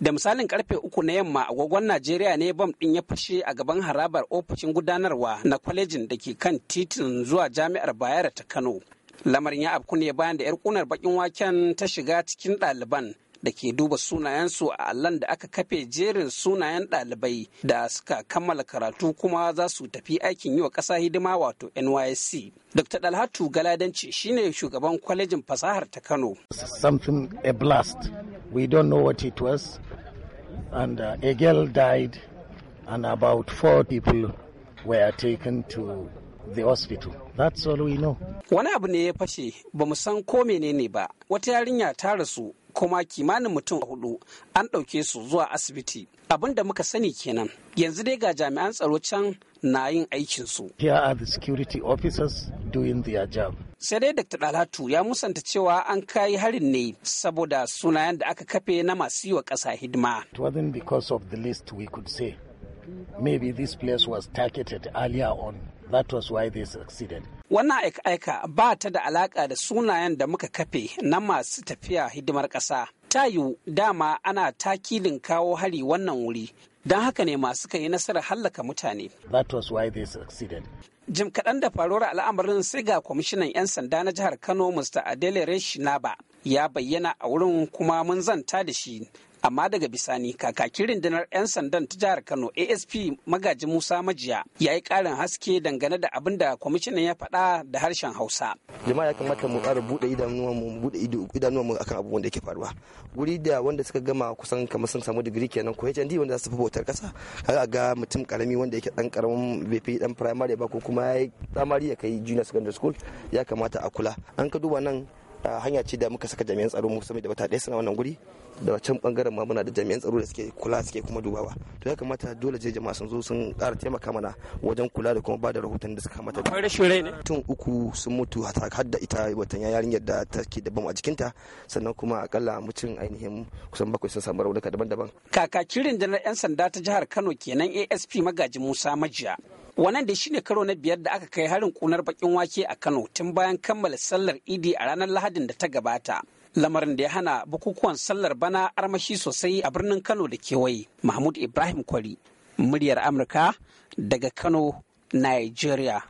Da misalin karfe uku na yamma agogon Najeriya ne bam ɗin ya fashe a gaban harabar ofishin gudanarwa na kwalejin da ke kan titin zuwa jami'ar Bayero ta Kano. Lamarin ya afku ne bayan da 'yar kunar bakin waken ta shiga cikin ɗaliban da ke duba sunayensu a allon da aka kafe jerin sunayen ɗalibai da suka kammala karatu kuma za su tafi aikin yi wa ƙasa hidima wato nysc dr dalhatu galadanci shine shugaban kwalejin fasahar ta kano something a blast we don't know what it was and uh, a girl died and about four people were taken to the hospital. That's all we know. Wani abu ne ya fashe, ba mu san ko menene ba. Wata yarinya ta rasu kuma kimanin mutum hudu an ɗauke su zuwa asibiti abin da muka sani kenan yanzu dai ga jami'an tsaro can na yin aikinsu. Here are the security officers doing their job. Sai dai Dr. Dalatu ya musanta cewa an kai harin ne saboda sunayen da aka kafe na masu yi wa ƙasa hidima. It wasn't because of the list we could say. Maybe this place was targeted earlier on. That was why they succeeded. Wannan aika-aika ba ta da alaƙa da sunayen da muka kafe na masu tafiya hidimar ƙasa. Ta yiwu dama ana takilin kawo hari wannan wuri, don haka ne masu kan yi nasarar hallaka mutane. That was why they succeeded. Jim kaɗan da faruwar al'amarin sai ga kwamishinan 'yan sanda na jihar Kano Mr. Adele Reshinaba ya bayyana a wurin kuma mun zanta da shi amma daga bisani kakakin rundunar 'yan sandan ta jihar kano asp magaji musa majiya ya yi karin haske dangane da abin da kwamishinan ya faɗa da harshen hausa jama'a ya kamata mu ƙara buɗe idanuwanmu buɗe idanuwanmu akan abubuwan da yake faruwa guri da wanda suka gama kusan kamar sun samu digiri kenan ko hnd wanda za su fi bautar kasa kaga ga mutum karami wanda yake dan karamin bai dan primary ba ko kuma ya yi primary ya kai junior secondary school ya kamata a kula an ka duba nan hanya ce da muka saka jami'an tsaro mu sama da wata ɗaya suna wannan guri da wancan bangaren ma muna da jami'an tsaro da suke kula suke kuma dubawa to ya kamata dole je jama'a sun zo sun ƙara taimaka mana wajen kula da kuma ba da rahoton da suka kamata akwai rashin rai ne tun uku sun mutu har da ita watan yarinyar da take da bam a jikinta sannan kuma akalla mutum ainihin kusan bakwai sun samu raunuka daban-daban kirin da na 'yan sanda ta jihar Kano kenan ASP magajin Musa Majiya Wannan da shine karo na biyar da aka kai harin kunar bakin wake a Kano tun bayan kammala sallar Idi a ranar Lahadin da ta gabata. Lamarin da ya hana bukukuwan sallar bana armashi sosai a birnin Kano da kewaye. Mahmud Ibrahim Kwari, muryar Amurka daga Kano, Nigeria.